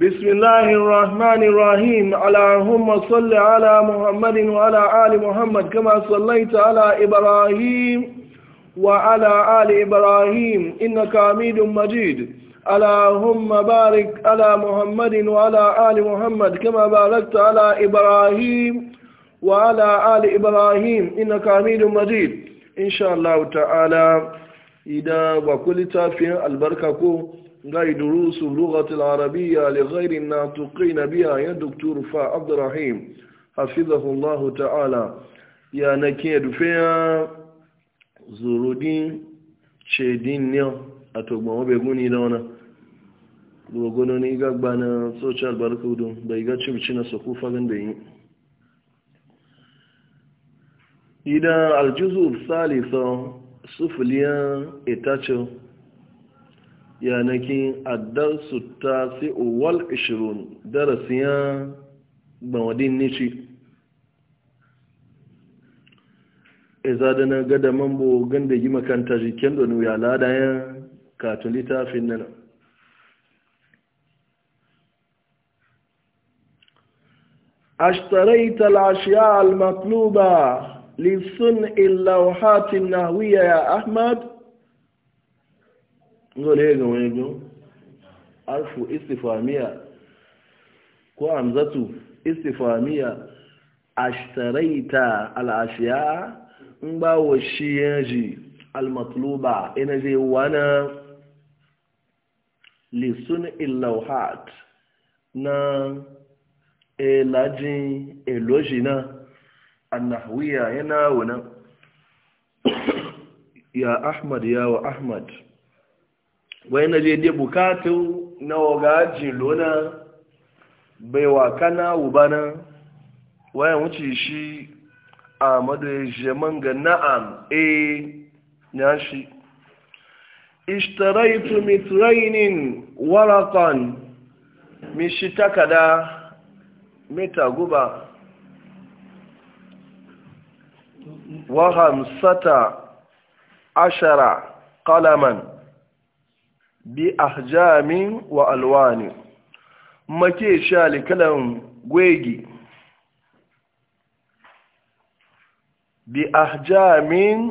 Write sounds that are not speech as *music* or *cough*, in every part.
بسم الله الرحمن الرحيم اللهم صل على محمد وعلى آل محمد كما صليت على إبراهيم وعلى آل إبراهيم إنك حميد مجيد اللهم بارك على محمد وعلى آل محمد كما باركت على إبراهيم وعلى آل إبراهيم إنك حميد مجيد إن شاء الله تعالى إذا وكلت في البركة غير دروس اللغة العربية لغير الناطقين بها يا دكتور فا عبد الرحيم حفظه الله تعالى يا نكيد فيها زرودين شيدين نيو أتوقع ما بيقوني دونا gogono ne ga gbana social barkudu bai ga cimci سقوفا sakufa gan da yi idan aljuzu salisa yanakin addarsu ta wal ishirun darasiyan gbanwadin nishi iza da na gada mambo ganda yi makanta jikin da nuya ladayen katun littafin nan اشتريت الاشياء المطلوبه لصنع اللوحات النحويه يا احمد ngole ga wani biyu alfu istifamiya ko amzatu istifamiya ashtaraita al'ashiya in ba wa shi yaji almatluba ina wana lisun illauhat na elajin elojina annahuwiya yana wuna *coughs* ya ahmad ya wa ahmad na je dai bukatun na wagajin luna bai wa kana wubana wayan wuce shi a madajaman ga na'am a eh, ya shi ishtaraitu mitrainin warakan mishi takada mita guba wa hamsata ashara kalaman bi ahjamin wa alwani make shali kalan gwegi bi ahjamin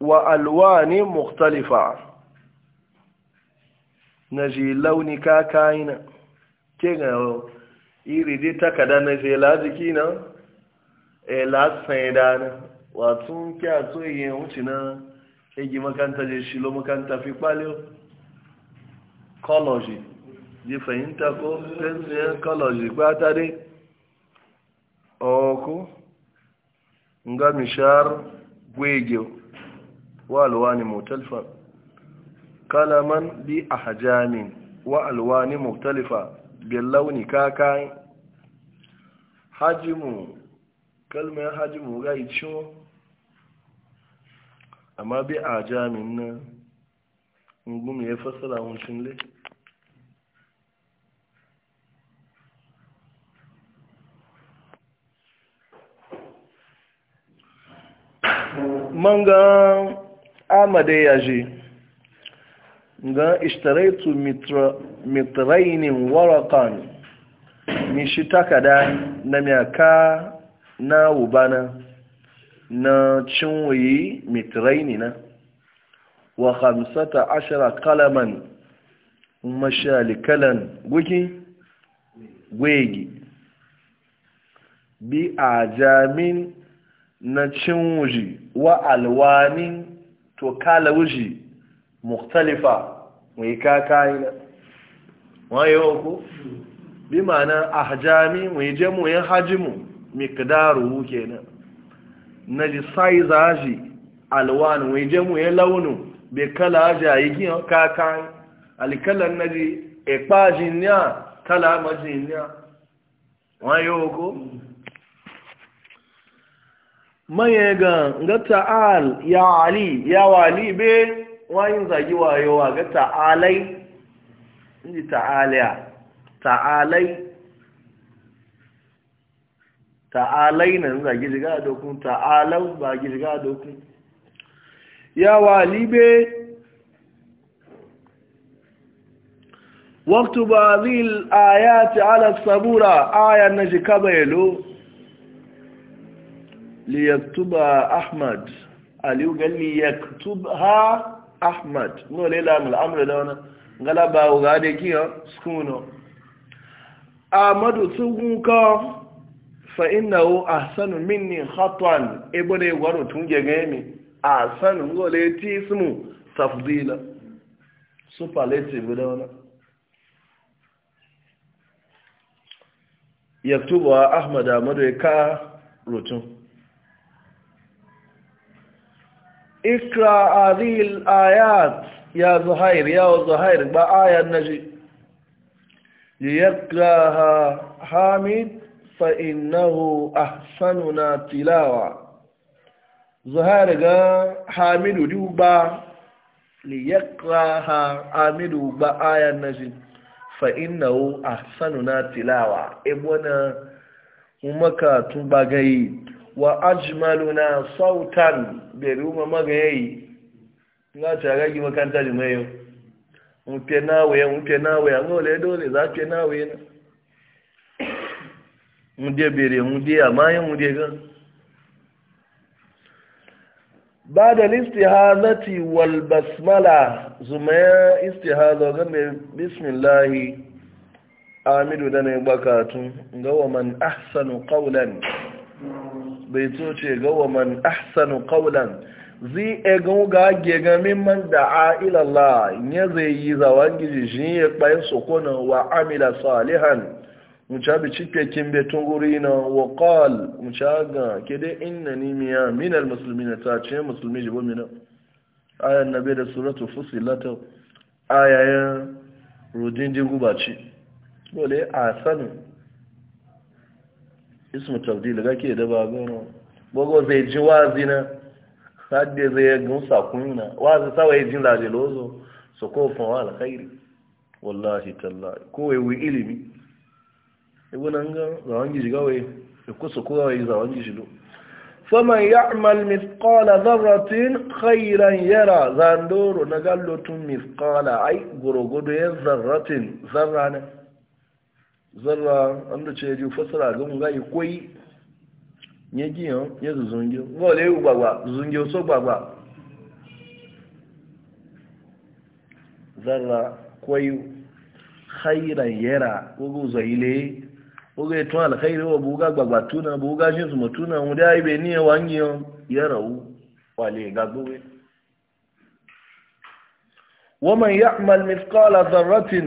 wa alwani mukhtalifa na launi kakayina ke ga iri dai takada na je laziki na e lasan dana wato kya to yin wuce na egi makanta je shilo makanta fi palio kọlọ̀jì jí fẹ̀yìntà kó tẹ́sí ẹ́ kọlọ̀jì pátá dé ọkú nga mishar gwege wa alwani mutalifa kalaman bi ahjamin wa alwani mutalifa bil launi kakan hajimu ya hajimu ga icho amma bi ahjamin na ngum ya fasala hun shinle manga amade yaji ga ishtaraitu mitra mitrainin waraqan mi shi takada na miyaka na ubana na cinwayi mitraini na wa hamsata ashara kalaman mashalikalan guki gwegi bi a jamin na cin wuji wa alwanin to kala wuji mukhtalifa mai kakayi na wayewa ku bi ma'ana a mai jamu yin hajimu miqdaru kenan na ji sai zaji alwani mai jamu yin launu bai kala yi giyan kakayi alkalan na ji ekpajin ya kala ma ya wayewa ku mayega ga ta'al ya ali ya wali be wayin zagi wayowa ga ta'alai inji ta'aliya ta'alai ta'alai na zagi shiga dokun ta'alau ba gi shiga dokun ya wali be waktu ba zil ayati ala sabura ayan na shi kabailo liyaktuba ahmad aliyu ga liyaktubha ahmad no le la mul amru da wannan ngala ba ga de kiyo skuno amadu sugunka fa innahu ahsanu minni khatan ibode gwaro tunge gemi ahsanu ngole ti ismu tafdila superlative da wannan yaktuba ahmad amadu ka rotun ikra adil ayat ya zuhair ya zuhair ba aya naji liyaqraha hamid fa innahu ahsanuna tilawa zuhair ga hamidu duba liyaqraha hamidu ba aya naji fa innahu ahsanuna tilawa e bona umaka tun bagai wa ajmaluna sautan bere uma magayi nga chagagi makanta limeyo mpe nawe mpe nawe angole dole za mpe nawe mudie bere mudie amaye mudie ga بعد الاستهاذة والبسملة زميا استهاذة بسم الله آمد دنا بكاتم ومن أحسن قولا bai so ce ga wa man ahsanu qawlan zi e ga ga ge ga man da'a ila Allah ne zai yi zawan giji shi ya kai sokona wa amila salihan mucha bi cike kin be tunguri na wa qal mucha ga ke dai innani miya min al muslimina ta ce musulmi jibo mina aya annabi da suratu fusilat ayayan rudin dingu baci dole a sanin ismu tabdil ga ke da ba gano bogo zai ji wazi na hadde zai gun sakuna wazi sawa yi jin zaje lozo so ko fa wala khairi wallahi talla ko wai wi ilimi ibu nan ga zawangi ji gawe ko so ko wai zawangi ji lo faman ya'mal mithqala dharratin khairan yara zandoro na gallo tun mithqala ai gurugudu ya zarratin zarrana zarra an da ce ji fasara ga mun gayi koi nye giyan nye zungiyo ngo le u gbagba zungiyo so gbagba zarra koi khairan yara ugu zaile ugu etun al khairi wa buga gbagba tuna buga shin su mutuna mu dai be ni wangiyo yara u wale gagwe ومن يعمل مثقال ga ke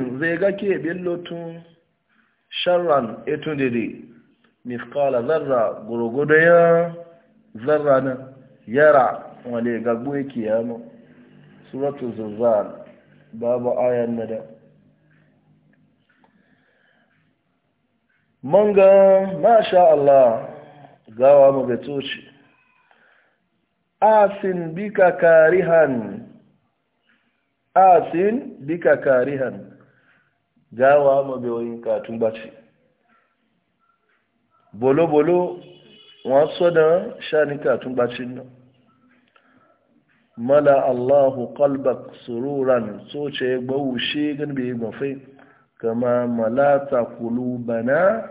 غكي بلوتون sharran etun dede mifkala zarra gorogodo ya zarra na yara wale gagbo ya kiyama suratu zuzan babu ayan nada manga masha Allah gawa magatoci asin bika karihan asin bika karihan gawa ma bewoyin katun bace bolo-bolo wọn so da shani katun bacin nan mala allahu kalbak sururan so ce shi gan bai mafai kama malata kulubana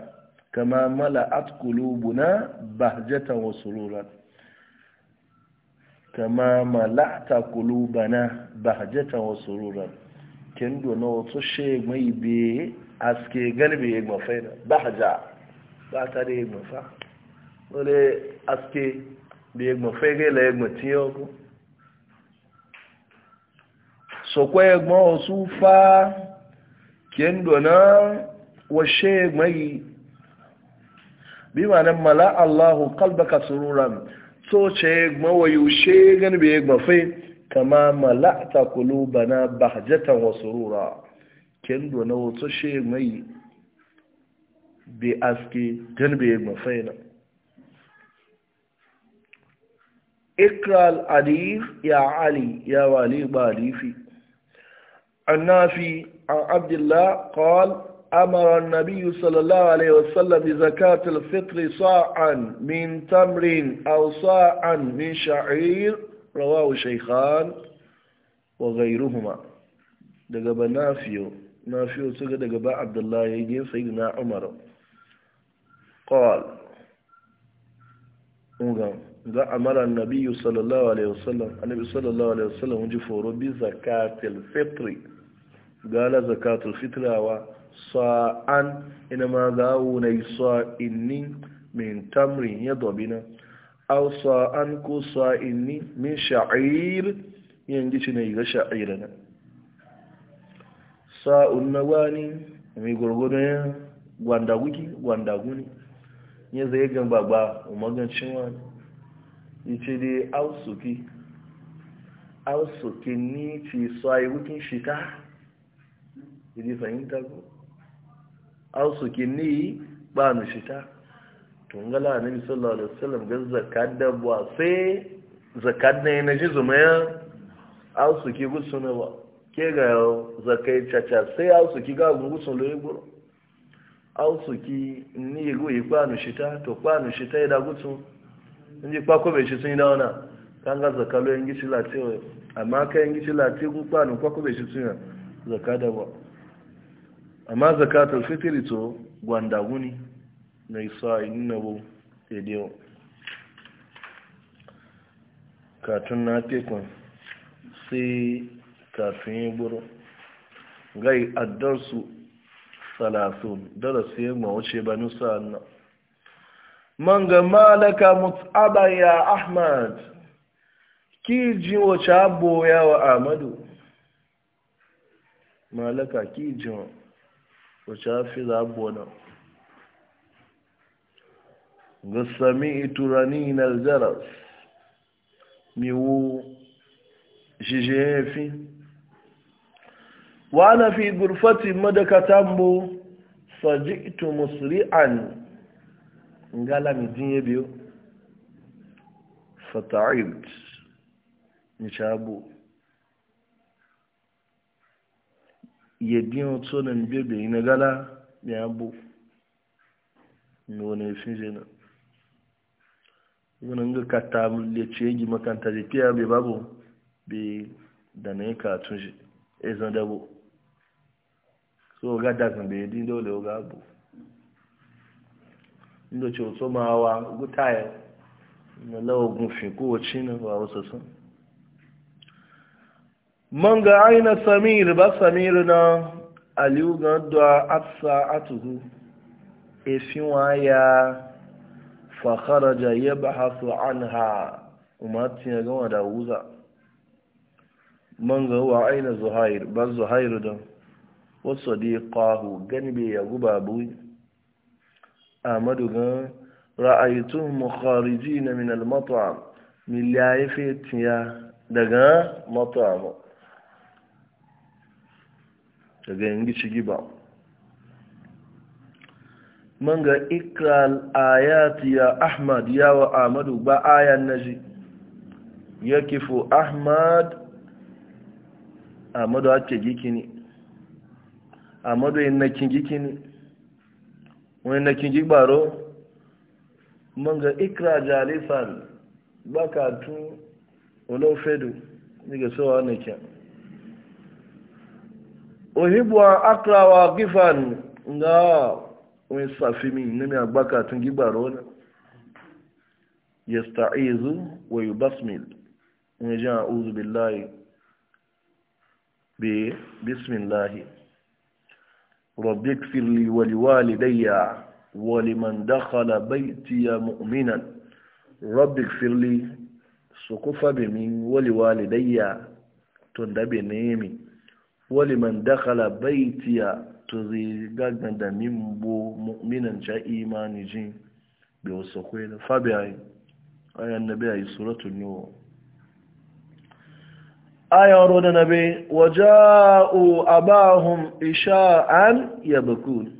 kama mala'at kulubuna bahjatan wa sururan kama mala'ata kulubana bahjatan wa sururan E e kendo na wato she mai be aske galbe ya mafai na bahaja ba ta da ya mafa wale aske da ya mafai ga la ya mace yau ko so kwa ya gma wasu fa kendo na washe mai bi ma nan mala allahu kalbaka sururan so ce gma wayo she galbe ya mafai كما ملأت قلوبنا بهجة وسرورا كندو kendo na wato she mai be aski اقرأ الحديث يا علي يا ولي باليفي النافي عن عبد الله قال أمر النبي صلى الله عليه وسلم بزكاة الفطر صاعا من تمر أو صاعا من شعير rawahu shaykhan wa ghayruhuma daga ba nafiyo nafiyo su ga daga ba abdullahi ya yi sayyidina umar qal ungan ga amara annabi sallallahu alaihi sallallahu alaihi wasallam ji foro bi zakatil fitri gala zakatul fitrawa sa'an ina ma zawo na yi sa'inni min tamrin ya dobina ausa an ku inni min sha'ir yin gici ne ga sha'ira na sa'un na wani mai gwargwadon gwanda gwandaguki gwanda ya zai gan bagba magancin wani ce dai ausuki ausuki ni sa yi wukin shita idi fahimta ko ausuki ni ba nu shika. tungala annabi sallallahu alaihi wasallam ga zakat da ba sai zakat ne na ji zumaya au su ki gusuna ba ke ga zakai caca sai au su ki ga gusun loyi guro au su ki ni go yi kwanu shita to kwanu shita da gutsu inji kwa ko be shi sun da wana kan ga zakalo yin gishi latiyo amma kai yin gishi latiyo ku kwanu kwa ko be shi sun zakada ba amma zakatul fitri to gwanda guni na isa inabu ediyo katun na tekun sai katun yi buru gai addarsu salasun darasi yin mawuce ba nusa na man ga malaka mutsaba ya ahmad ki ji wace ya wa amadu malaka ki ji wace fi za na ga sami iturani na jaras miwu shijefi wa na fi gurfati madakatan bu fajitu musri'an ngala mi dinye biyu fata'id ni shabu yedin otsonan bebe na gala mi abu mi wani fi jina wani ga kata ce yi makanta da fiya bai babu bi da na yi katun shi ya zan dabo so ga dakan bai yi dole ga abu inda ce wato ma wa gutaya na lawa gunfi kowace na ba wasu sun man ga aina samir ba samir na aliyu ga duwa atsa atuhu efin waya fakharaja yabhasu anha umatin ya gama da wuza man ga wa aina zuhair ba zuhairu don wasu diqahu ganbe ya guba bu amadu gan ra'aytuhum mukharijin min al-mat'am daga mat'am man ga ikral ayati ya ahmad ya wa ahmadu ba ayan naji ya kifo ahmad ahmadu ake gikini ahmadu yin nakin gikini wani nakin gigbaro man ga ikra jalifan baka tun olofedu daga sowa nakin ohibuwa akra wa gifan ga wani safi min na mai agbaka tun gigbara wani ya sta'izu wa yi basmil wani jan a'uzu billahi bi bismillahi rabbi firli wali walidayya wali man dakhala baitiya mu'minan rabbi firli su kufa bi min wali walidayya tun da bi min. wali man dakhala baitiya to zai da mimbo bo minan ca imani jin bai wasu kwela fabi ayi ayan nabi ayi suratul nuwa ayan roda nabi waja'u abahum isha'an yabkun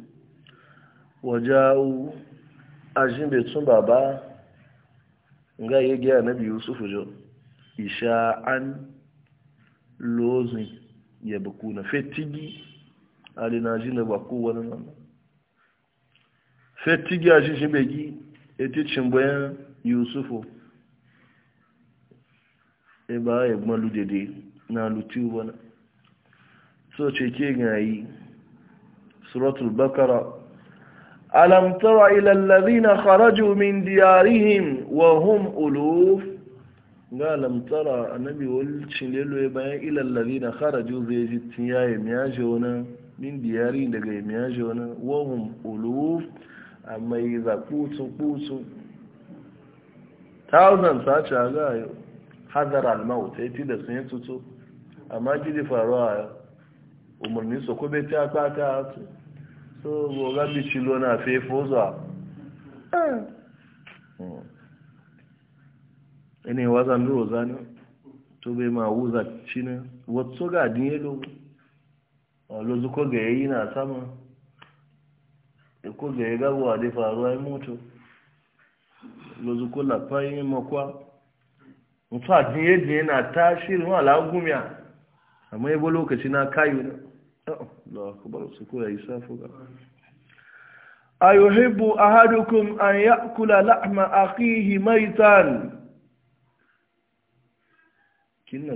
waja'u ajin bai tun baba nga yi gya nabi yusuf jo isha'an lozin na fetigi Ali na ba kowane nan fetigi a shi shibegi eticin bayan yusufu e ba ya gbalu ludede na lutiu wani. so ce ke gayi suratul bakara alam tara ila alladhina kharaju min diyarihim wa hum uluf ga alam tara annabi wal chilelo bayan ila na kharaju zai ji tiyaye miyaje wannan min diyari daga yamiyaji wani wahun uluf a mai zakutu-kutu thousand ta ce a ga yau hazar almaut ya fi da sun yi tutu amma gidi faru a umarni su kube ta kata su so goga bici lona fefo zuwa ne wazan duro zane to bai ma wuza cinin wato ga dinye lobo lozu ko ga yayi na sama e ga ya gabuwa da faruwa ya mutu lozu ko makwa mutu a jinye jinye na tashirin wa lokaci na kayu na oh, Allah akubar su ko yayi safu ga ayuhibbu ahadukum an ya'kula lahma akhihi maitan kin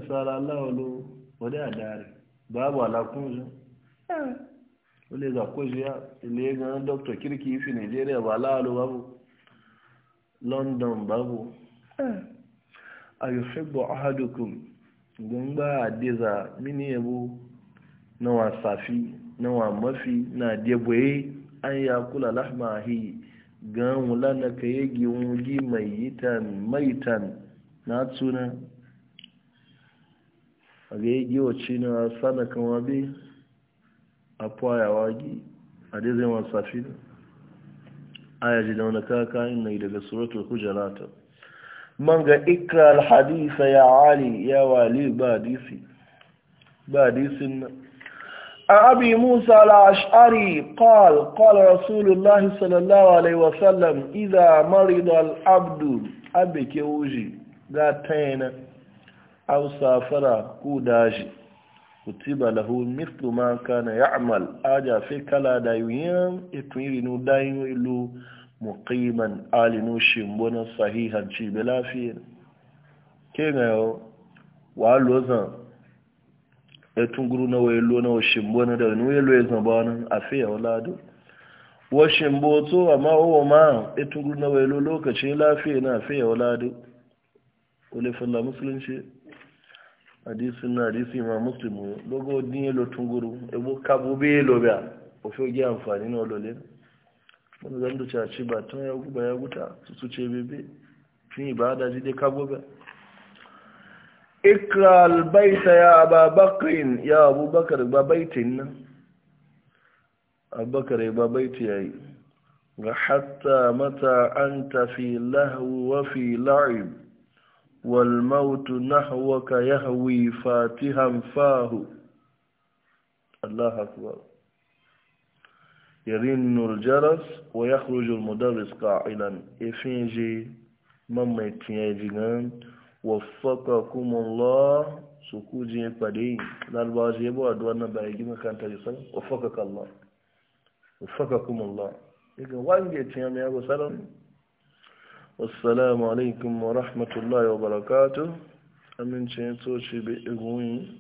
wale za ko ya ile ga dr kirki ife nigeria ba lalo babu london babu a yi yuhibbu ahadukum don ba a diza mini yabo safi wasafi na mafi na deboye an ya kula lahma ga gan wula na ka yi giwungi mai yitan maitan na tuna a ga yi giwaci na sana kan afuwa wagi a dai safi aya ji da wani kakayin na daga suratul hujarata man ga Ikral alhadisa ya ali ya wali ba hadisi ba hadisin nan أبي موسى الأشعري قال قال رسول الله صلى الله عليه وسلم إذا مرض العبد أبي كوجي ذاتين أو سافر كوداجي kutiba lahu mithlu ma kana ya'mal aja fi kala da yuyan itiri nu dayu ilu muqiman alinu shimbona sahihan ci be lafiya ke ga yo wa lozan etun guru na waye lo na wa shimbona da nu yelo ezan bana afiya walado wa shimboto amma o ma etun guru na waye lo lokaci lafiya na afiya walado ulefin مسلم musulunci hadisi na hadisi ma muslimu logo din yelo tunguru ebo kabu be yelo o fe oge amfani na olole wani zan duce ci ba ya guba ya guta su su ce bebe tun ibada ji dai kabu ba ikra ya abu ya abubakar ba baitin na. abubakar ba baiti ya yi ga hatta mata an tafi lahu wa fi la'ib والموت نحوك يهوي فاتها فاه الله أكبر يرن الجرس ويخرج المدرس قائلا إفنجي مما يتنجي وفقكم الله سكوجي قدي لالباز يبو أدوانا بايجي مكان تجسل وفقك الله وفقكم الله يقول وانجي تنجي أبو سلام assalamu alaikum wa rahmatullahi wa barakatu amincin soci bai igoyin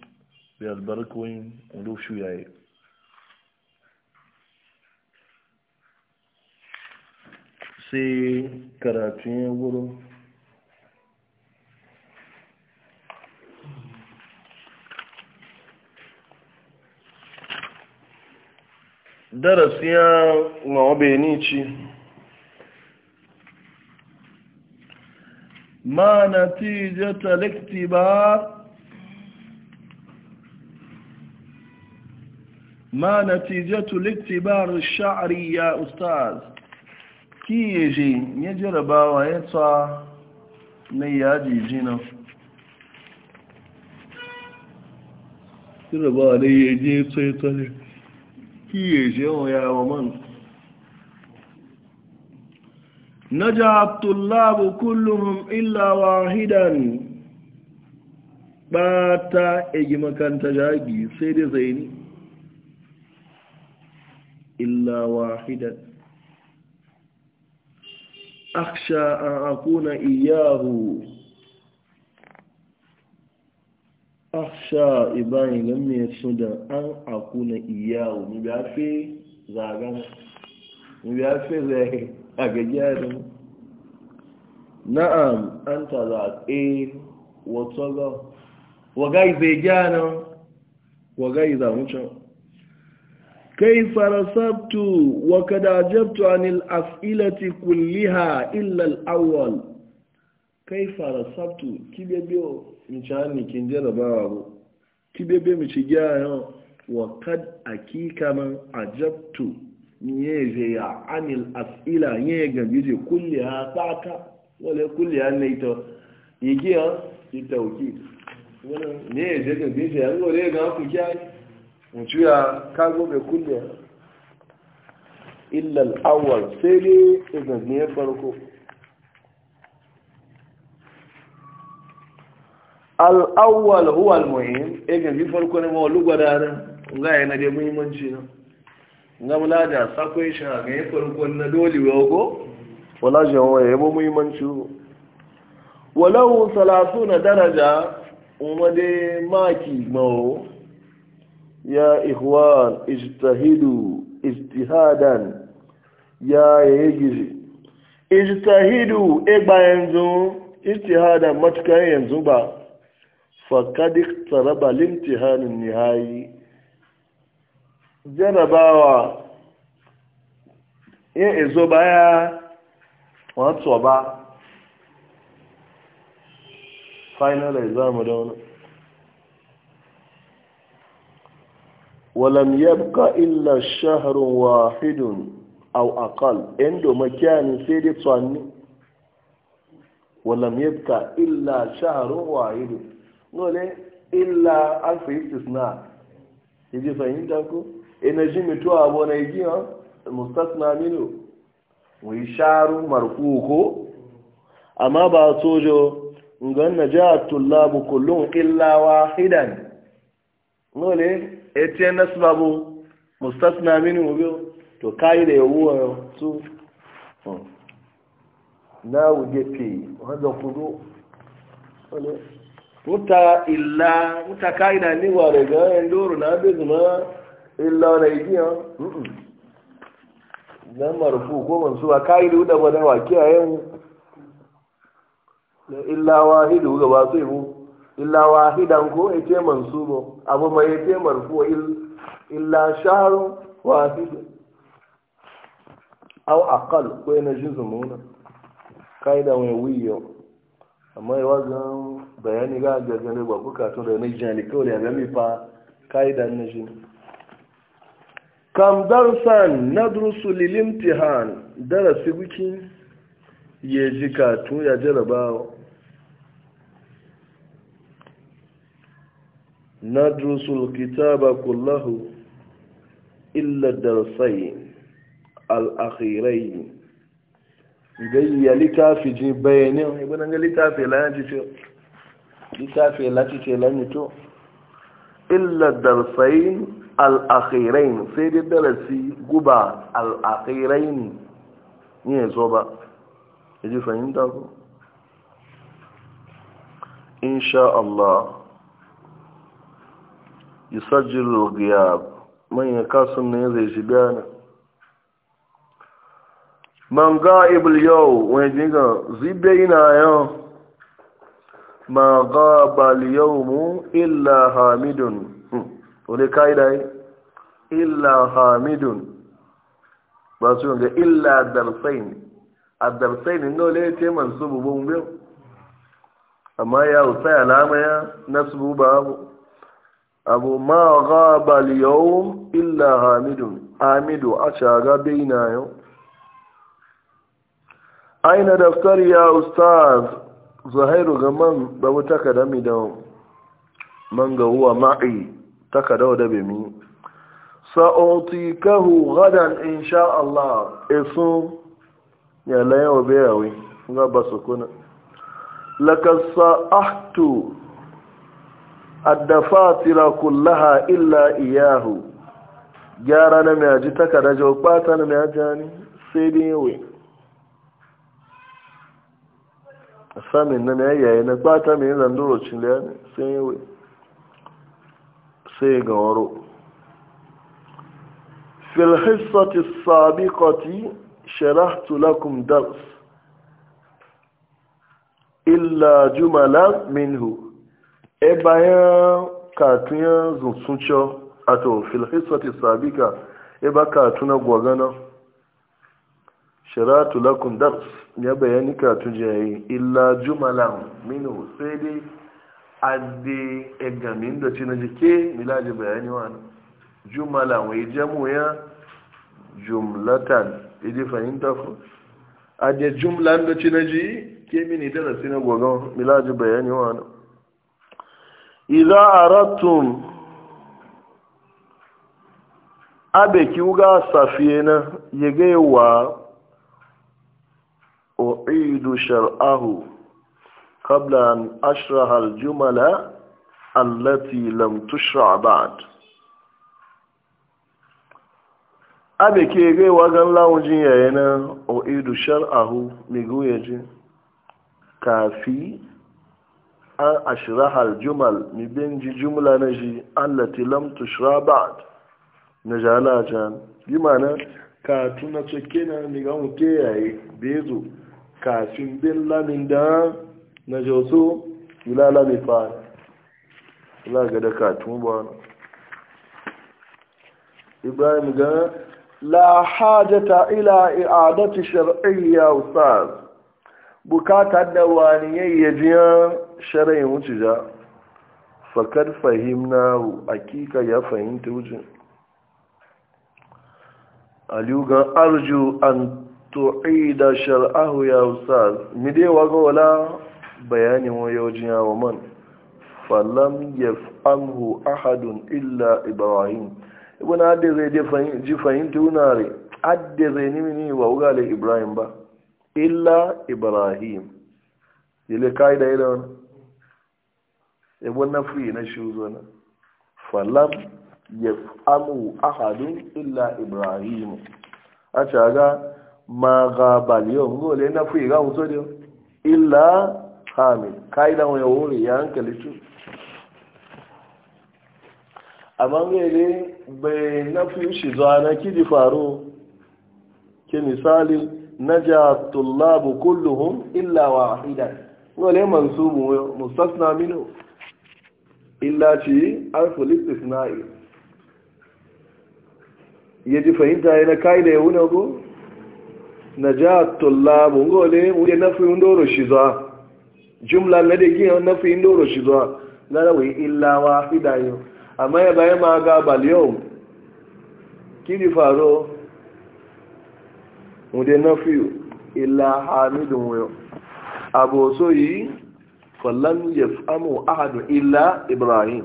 bai albarkoyin rushu yayi sai karatun ya wuro darasiya ni ci. ما نتيجة الاختبار ما نتيجة الاختبار الشعري يا أستاذ كي يجي يجرب ويطع نيادي جنا يجرب عليه يجي يطيطلي كي يجي ويا ومن najab tullabu kullum illa wahidan bata egi makanta jagi sai dai zaini illa wahidan akhsha an akuna iyahu akhsha ibani nan me suda an akuna iyahu ni ba fi zagan ni ba fi zai a gaggiyarin na'am an ta zaɓe watsoga wagai zai gyana wagai zamucin kai farasabtu wa kadajabtu anil as'ilati kulliha illa al-awwal kai farasabtu kibebe mchani kinjera babu kibebe mchigyana wa kad akika man ajabtu nye ya anil as'ila nye gambi je kulli ha saka wala kulle ha ne ito yiki ha ita uki wala ne je gambi je an gore ga ku kyai mutu ya kago be kulli ha illa al-awwal sai dai ga ya farko al-awwal huwa al-muhim e gambi farko ne ma lugwada ran ga yana da muhimmanci na gamla da sakwai shi a farkon na dole wago wala shi yabo muhimmanci walau salatu na daraja umade maki mawo ya ihuwar istahidu istihadan ya yayi gizi istahidu egba yanzu istihadan matukan yanzu ba fakadik tsaraba limtihanin nihayi jarabawa ya izo baya wọ́n tọ̀ ba. final exam da wani walam yabka illa shaharun wahidun aw aqal inda makani sai dai tsanni walam yabka illa shaharun wahidun nole illa alfi istisna yaji fahimta ku ji mutuwa abu na igi ha mustasna minu wai sharu marfu amma ba sojo ngan na ja tullabu kullum illa wahidan nole etiyan nasbabu mustasna minu biyo to kai da su na wuje wanda kudu muta illa muta kai ni wa daga na illa na igiya na marufu ko mansuwa kayi da wuda bada wa kiyayen na illa wahidu ga ba su ibu illa wahidan ko ya ce mansubo abu mai ya ce marufu illa shaharu wahidu au aqal ko yana jin zumuna kayi da wani wiyo amma yawa zan bayani ga gagare ba bukatu da na jani kawai ya zami fa kayi da na jini kam darsan na durusu lilimtihan darasi wiki ya ji katu ya jarabawa na durusu kitaba kullahu illa darsai al'akhirai gayya littafi ji bayanin ibanin ga littafi layanci ce littafi layanci ce layanci to illa darsai al'akhirain sai dai darasi guba al'akhirain ne zo ba ya ji fahimta ku insha Allah yi sajjil giyab manyan kasan ne zai shi gane man ga'ibul yau wani jiga zibe ina yau ma ga'abal yau mu illa hamidun wani ka'ida yi illa hamidun ba su yunga illa darsain a darsain no le ce man su bubun biyu amma ya wuta alama ya na su buba abu abu ma gaba yau illa hamidun hamidu a shaga na yau aina daftar ya ustaz zuhairu ga man babu takadami da man ga huwa ma'i takardar da bai mi sa'oti kahu gadan insha Allah esun ya layawa bayawi ga ba su kuna lakasa ahtu addafatira kullaha illa iyahu gyara na mai aji takardar jau kwata na mai ajiyani sai dai yawai samin na mai yayi na kwata mai zandurocin da ya ne sai yawai sai ga waro filhissati sabiqati sharahtu lakum dars illa jumala minhu e bayan katuyan zunsunco ato filhissati sabiqa e ba katuna gwagana sharahtu lakum dars ya bayani katun jayi illa jumala minhu sai dai adde egamin da cina jike milaji bayani wani jumala wai jamu ya jumlatan idi fahimta ku adde jumlan da cina ji ke mini darasi na gogon milaji bayani wani idza aratum abe kiuga safiyena yegewa uidu shar'ahu قبل أن أشرح الجمل التي لم تشرع بعد abe ke gaiwa gan lawujin yaya na o'idu shar'ahu miguyaji kafi an ashirahar jumal mibin ji jumla na ji allati lam tushra ba'd na jala jan bi mana ka tuna cike na migan bezo kafin bin lamin da na joso ilala mai fara za ga da katun ba wani ibrahim ga la hajata ila i'adati shar'iyya ustaz bukata da wani yayyajiya shar'in wuce ja Fakar fahimna hakika ya fahimta wuce aliyu ga arju an to'ida shar'ahu ya ustaz mi dai wala bayanin wayoyin yawon man falam ya amhu ahadun illa ibrahim ibn adda zai ji fahimta wunare adda zai nimini wa wugale ibrahim ba illa ibrahim ile kaida ile wani ibn nafi na shi zona falam ya amhu ahadun illa ibrahim a caga ma ga baliyon gole nafi ga mutu illa amin ka'idan wani wuri ya hankali su amma mere bai na fi shi zuwa na kidi faru ke misali na ja tullabu kulluhum illa wahidan wale mansubu mustasna minu illa ci alful Ya ji fahimta yana kaida ya wuna ko na ja tullabu ngole wuri na fi ndoro shi zuwa jumla na da gina na fi doro shi zuwa na rawai illa wa fida yau amma ya bayan ma ga baliyau kiri faro wadda na fi illa hamidun wayo abu so yi fallon ya famu ahadu illa ibrahim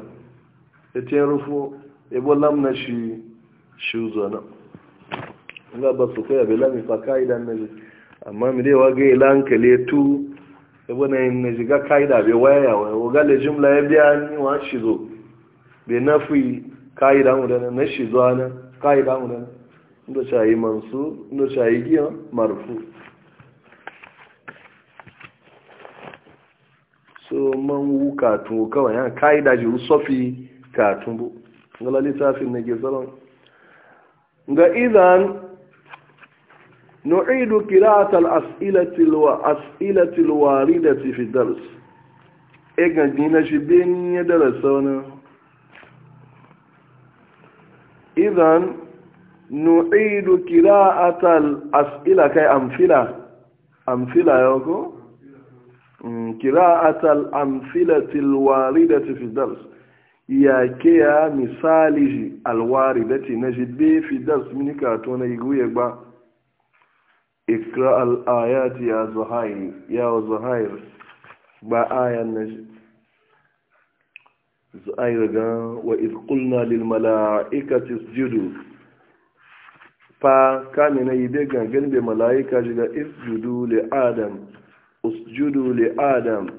ya e ce rufo ibo e lamna shi shi zuwa nan ga ba su kai abin lamifa ka'idan na ji amma mi dai wa ga ila hankali tu ebe na yin na jiga kaida bai waya wa waga da jimla ya biya ni wa shizo bai na fi kaida mu da na na shizo ana kaida mu da na ndo yi mansu ndo cha yi giya marfu so man wu katun kawai ya kaida ji sofi katun bu ngala fi na ge salon ga idan نعيد قراءة الأسئلة والأسئلة الواردة في الدرس إيجا جينا شبين يدرسونا إذا نعيد قراءة الأسئلة كي أمثلة أمثلة يوكو قراءة الأمثلة الواردة في الدرس يا كيا مثالي الواردة نجد في الدرس منك أتونا يقول يقبع اقرأ الآيات يا زهير يا زهير بآية النجم زهير وإذ قلنا للملائكة اسجدوا fa kame na yi began gani da mala'ika ji isjudu li adam usjudu li adam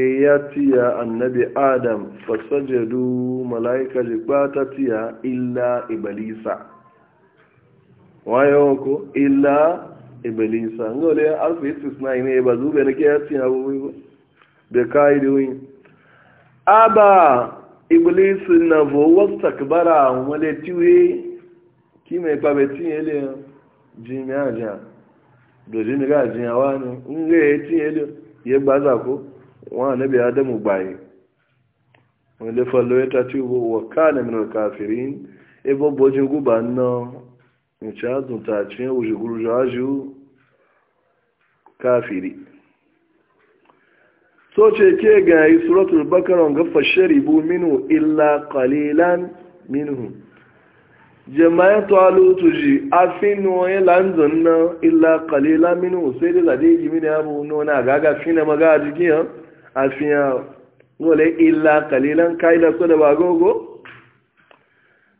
e ya tiya annabi adam fasajadu mala'ika ji ta tiya illa ibalisa wayo ko illa ibilisa nga ole alfa istisna ine ba zube na ke cin abubuwa da kai da wani aba iblis na vo wastakbara wale tiwe kime pa betin ele jimi aja do jimi ga jin wani nga etin ele ye gbaza ko wa nabi adamu gbaye wale fallo eta tiwo wa kana min al kafirin ebo bojin guba no nci azunta cin wuce gurjajiyu kafiri so ce ke gayi suratul bakaron ga fasharibu minu illa qalilan minhu jama'in talutu ji afinu ya lanzan na illa kalilan minu sai da zade ji mini abu nuna gaga fina maga a jikin afiya wale illa kalilan kai da su da bagogo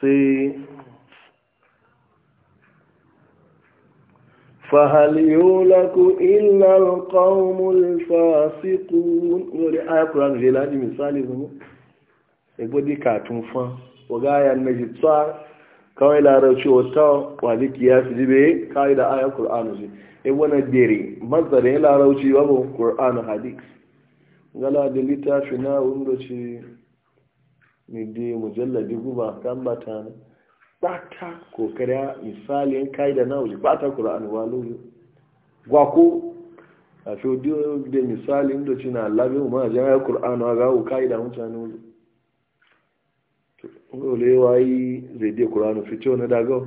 sai فهل يولك إلا القوم الفاسقون ولي آية قرآن جيلاني مثالي زمو يقول دي كاتم فان وغاية نجد صار kawai larabci wata waliki ya fi jibe kawai da ayar ƙur'anu ce e wani dere matsarin larabci babu ƙur'anu hadis gala da littafi na wanda ce ne dai mujallabi guba kan bata ne bata kokari a misali yan kai da nawaji bata qur'an waluyu gwa ko a so di de misali inda china na labi mu ma jaya qur'an wa ga u kai da mutane to le wai zai dai qur'an to na daga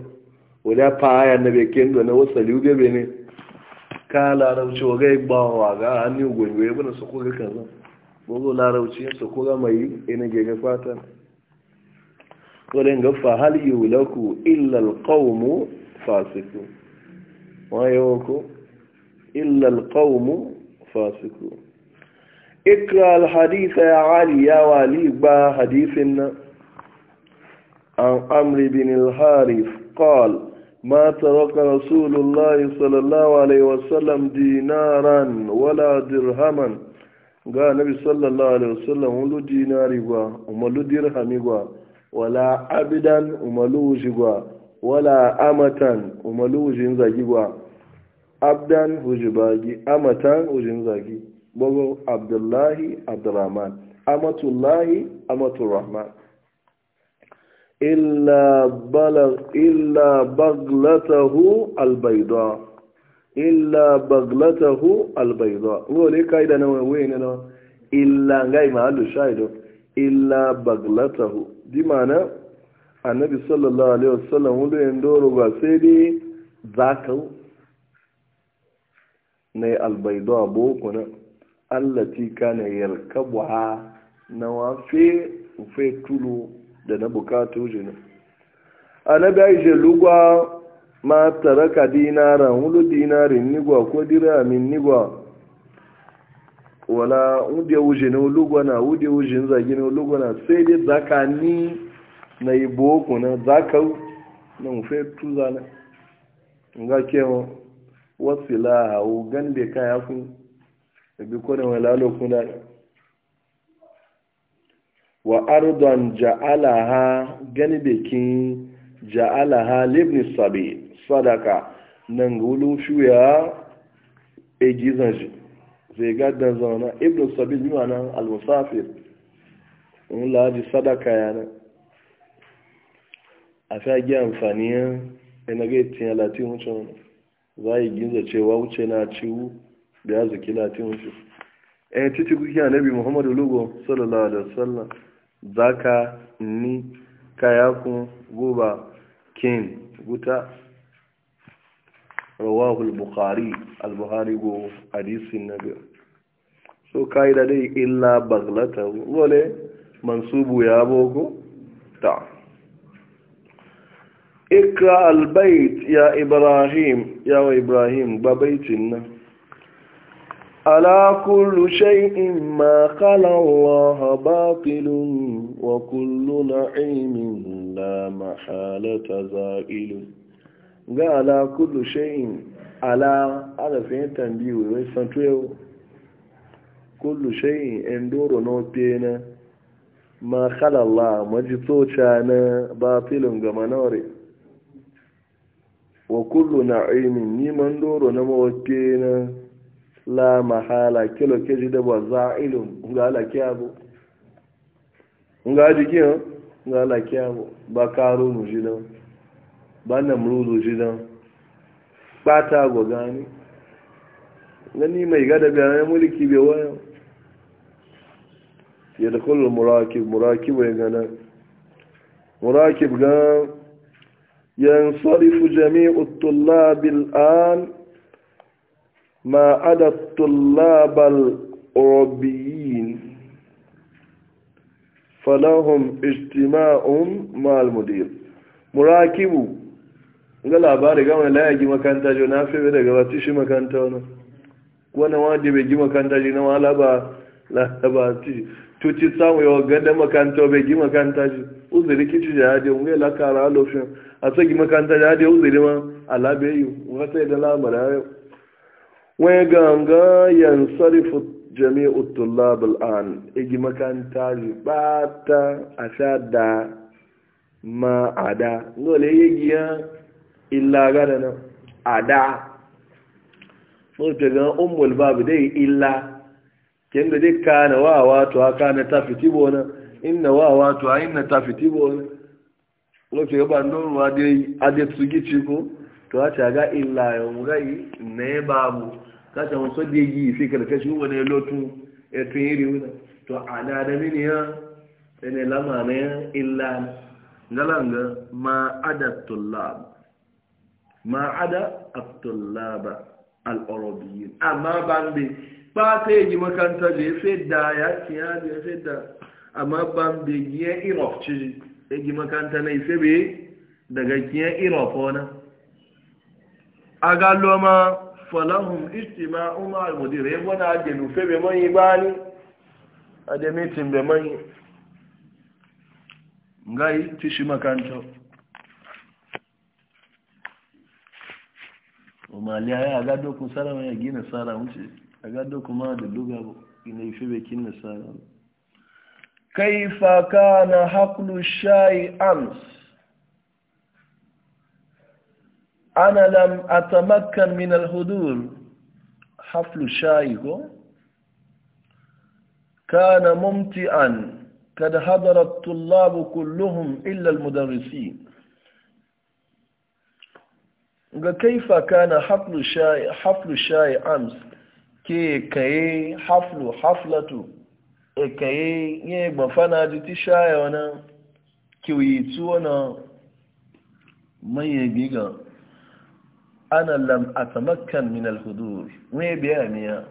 wala pa ya na be kendo na wasali ube be ne kala ba wa ga igbawa ga hannu bana su ko ga kaza bugu larauci ko kura mai ina ge gege fatan kodin gafa hal yi wulaku illal qawmu fasiku wayo ko illal qawmu fasiku ikra al hadith ya ali ya wali ba hadithin an amri bin al harith qala ما ترك رسول الله صلى الله عليه وسلم دينارا ولا درهما ga nabi sallallahu alaihi wasallam wulu dinari gwa umalu dirhami gwa wala abidan umalu wuji gwa wala amatan umalu wujin zagi gwa abdan wuji bagi amatan wujin zagi bogo abdullahi abdurrahman amatullahi amaturrahman illa balag illa baglatahu albayda illa baglatahu albayda ngole kaida na ne na illa ngai alu shaido illa baglatahu di mana annabi sallallahu alaihi wasallam wule ndoro ga sai dai zakau ne albayda bo kuna allati kana yarkabuha na fi ufe tulu da na bukatu jina annabi aisha lugwa ma taraka dinara hulu dinarin nigwa ko diramin nigwa wala wude wuje ne ulugwana wude wuje ne zagi ne ulugwana sai dai zaka ni na ibo na zaka na mufe tuza na nga kewa wasila hau gande kaya ku da bi kone wani lalo wa ardon ja'alaha gani bekin ja'alaha libni sabi sadaka nan ga shuya a e gizan shi zai gaddan zauna ibn sabil bi nan al-musafir in laji sadaka yana a fi agi amfani ya e na ga itin latin wucin za yi ginza cewa wuce na ciwu da ya zuki latin wucin ɗaya e, titi kuki a nabi muhammadu lugo sallallahu alaihi wasallam ka/ ni kayakun guba kin guta rawahul bukhari al-buhari go hadisin nabi so kaida dai illa baglata wole mansubu ya bogo ta ikra al-bait ya ibrahim ya ibrahim babaitin nan ala kullu shay'in ma qala Allah batilun wa kullu na'imin la mahalata za'ilun ga ala kullu shay'in ala alafin tambiyu wai santuyo kullu shay'in endoro no pena ma khala Allah majito chana batilun ga manore wa kullu na'imin ni doro na na? la mahala kilo keji da ba za'ilun ga ala kiyabo nga jikin ga ala kiyabo ba karo mu jidan ba na muruzu shi don ɓata ga gani gani mai gada bayanan mulki bai wayo ya da kullum murakib murakib ya gana murakib gan yan sarifu jami'u tullabil an ma ada tullabal urubiyin falahum ijtima'un ma'al mudir murakibu ga labari gama laya gi makanta jo na fi daga wata shi makanta wani wani wadi bai gi makanta ji na wala ba ba ti tuci samu yawa gada makanta bai gi makanta ji uzuri kici da hadi mun ga lakara alofin a sai gi makanta da hadi uzuri ma alabe yi mun sai da lamara yau wai ganga yansarifu jami'u tullab al'an igi e makanta ji bata a sha da ma'ada ngole yi giya illa gada na a da sauke ga umul babu dai illa kin da dai kana wa wato aka na tafiti bona inna wa wato a inna tafiti bona lokaci ga ban don wa dai ade tsugi ci to a ta ga illa ya murai ne babu ka ta mun so dai e yi sai karkashi wani lotu e tun yiri wuna to ana da mini ya ne lamana illa ngalanga ma adatullah ma ada abdullaba al'arabiyin amma bambe ba ta yi makanta da ya fedda ya kiya da ya fedda amma bambe giyan irof ci ya yi makanta na ife be daga giyan irof wana a galo ma falahun istima umar al-mudir ya gwada ajiyar ufe be manyi bani a da mitin be manyi ngai tishi makanta umaliya ya ga dokun sara mai gi nasara wuce a ga dokun ma da luga ina ife bekin Kai kaifa kana haqlu shayi ams ana lam atamakkan min alhudur haflu shayi ko كان ممتعا قد حضر الطلاب كلهم إلا المدرسين ga kaifa kana haflu shayi haflu shayi ams ke kaye haflu haflatu e kaye ye gbafana di ti shayi wana kiwi tu wana manye giga ana lam atamakkan min alhudur ne biya miya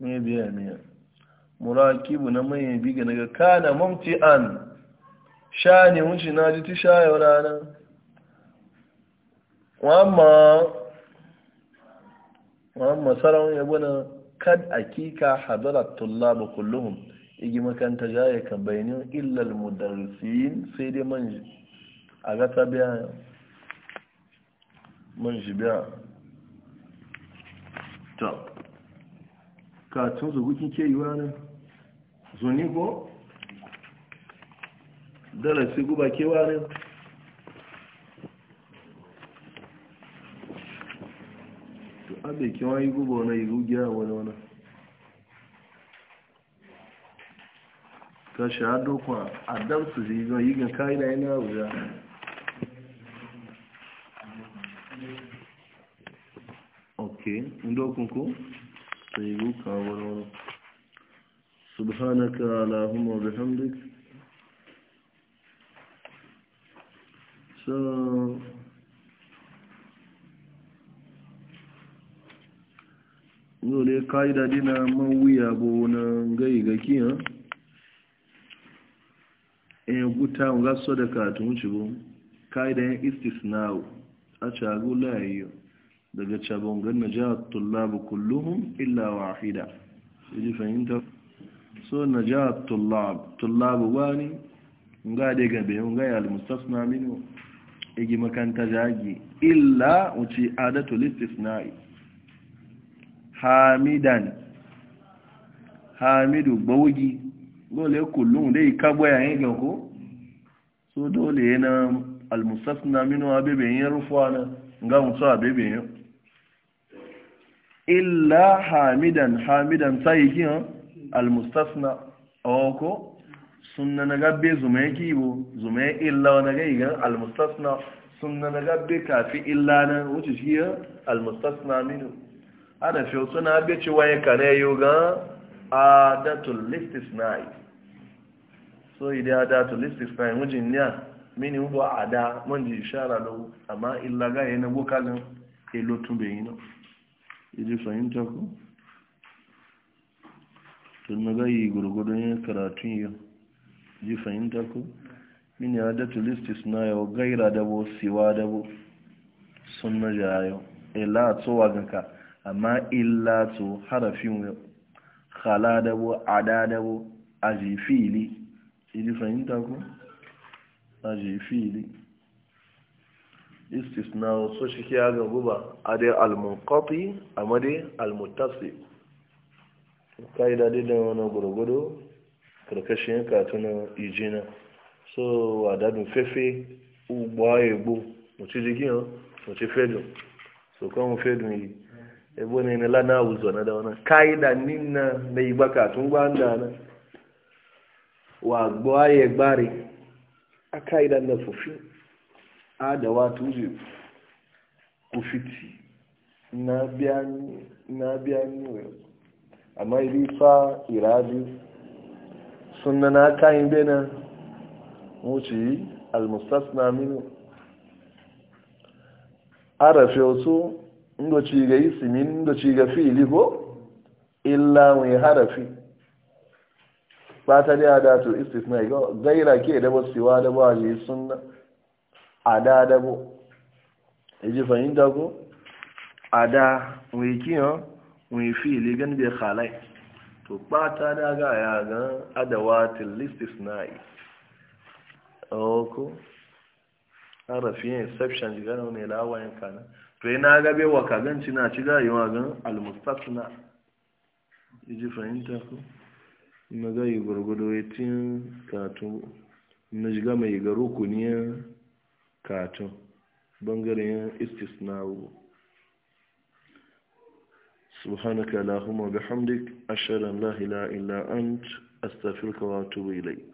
ne biya miya bu na manye biga ga kana an. sha ne wunci na ji ti sha yau ranar wamma sarawun yabo na kad akika hadarar tullaba kulluhum igi makanta jaya ka bayanin illal mudarrisin sai dai manji a gata biya manji biya ta katun zubukin ke yi wani zuni ko darasi guba kewa ne to abe kewa yi guba wani yi rugiya wani wani ta shahado kwa adam su ji zai yi ga kayi na yana wuya ok ndokunku ta yi guka wani wani subhanaka allahumma bihamdika so dole ka'ida dina man wuya bo na gai ga kiya e guta ga so da ka tun ci bo ka'ida yan istisna'u a cagu layo daga cabon gan najat tullab kulluhum illa wahida yaji fahimta so najat tullab tullab wani nga daga bayan ga al mustasna minu igi makanta jagi illa wuce adatu listisnai hamidan hamidu gbawugi dole kullum dai kagbo yayin ganko so dole yana almusasna minu yin rufuwa na ga mutu yin illa hamidan hamidan sai yi almustasna ọkọ sunna na gabbe zuma ya bu zuma ya illa wani ga igan almustasna sunna na gabbe kafi illa na wuce shi ya almustasna minu ana fi suna abe cewa ya kare yau ga adatul listis na yi so idan adatul listis na yi wujin niya mini hudu a ada manji shara lau amma illa ga na bukalin ilo tumbe yi na iji fahimta ku tun na gayi gurgudun karatun yau ji fahimta ku min ya da tulistis na yau gaira dabo siwa dabo sun na jayo ila wa ganka amma illa to harafin yau khala dabo ada dabo aji fili ji fahimta ku aji fili istisna so shi ke ga guba a dai amma a madai almuttasi kai da dai da wani gurgudu karkashin katuna ijina so wadadun fefe ugbo egbo mutu jigiyan mutu fedun so kan fedun yi ebo ne na lana awuzo na da wani ka'ida nina na igba katun gbanda na wa gbo aye gbari a ka'ida na fufi a da wata uzi kufiti na biya ni na biya ni amma iri fa iraju sunna na kayan bena wuce na minu arafe otu ndo ci ga isimin ndo ci ga fili ko illa mai harafi ba ta da adatu istisna ga zaira ke da basiwa da ba ji sunna ada da bo eji fahimta ko ada mai kiyo mai fili gan bai khalai to ɓata da ga ya gan adawatin listis na yi ko harafiyan exception jiga na wani lawayen kana to yi na gabe wa ganci na ci yiwa gan na iji fahimta ku na gayi gwargwado ya tin katun na jiga mai ga rukuniyar katun bangaren istisnawo subhanaka allahumma bihamdik ashhadu an la ilaha illa ant astaghfiruka wa atubu ilayk